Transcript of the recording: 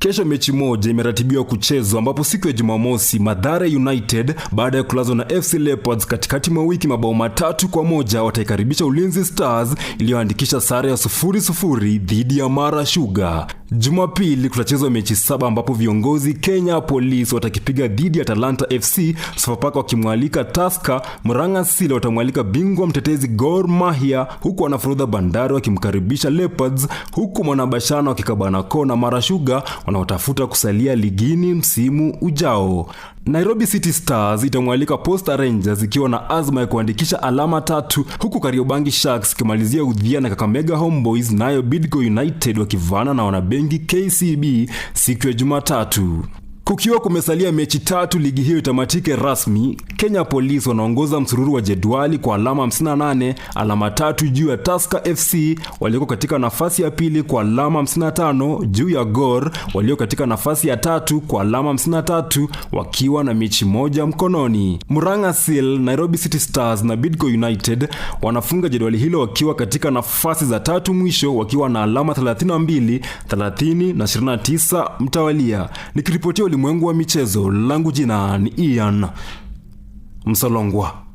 Kesho mechi moja imeratibiwa kuchezwa ambapo siku ya Jumamosi Mathare United baada ya kulazwa na FC Leopards katikati mwa wiki mabao matatu kwa moja wataikaribisha Ulinzi Stars iliyoandikisha sare ya sufuri sufuri dhidi ya Mara Sugar. Jumapili kutachezwa mechi saba ambapo viongozi Kenya Police watakipiga dhidi ya Talanta FC, Sofapaka wakimwalika taska Murang'a Sile watamwalika bingwa mtetezi Gor Mahia, huku wanafurudha Bandari wakimkaribisha Leopards, huku mwanabashana wakikabana kona Mara wanaotafuta kusalia ligini msimu ujao. Nairobi City Stars itamwalika Posta Rangers ikiwa na azma ya kuandikisha alama tatu huku Kariobangi Sharks ikimalizia udhia na Kakamega Homeboys, nayo Bidco United wakivana na wanabengi KCB siku ya Jumatatu. Kukiwa kumesalia mechi tatu ligi hiyo itamatike rasmi, Kenya Police wanaongoza msururu wa jedwali kwa alama 58, alama tatu juu ya Tusker FC walioko katika nafasi ya pili kwa alama 55, juu ya Gor walio katika nafasi ya tatu kwa alama 53 wakiwa na mechi moja mkononi. Murang'a Seal, Nairobi City Stars na Bidco United wanafunga jedwali hilo wakiwa katika nafasi za tatu mwisho wakiwa na alama 32, 30 na 29 mtawalia. Nikiripotia ulimwengu wa michezo, langu jina ni Ian Msolongwa.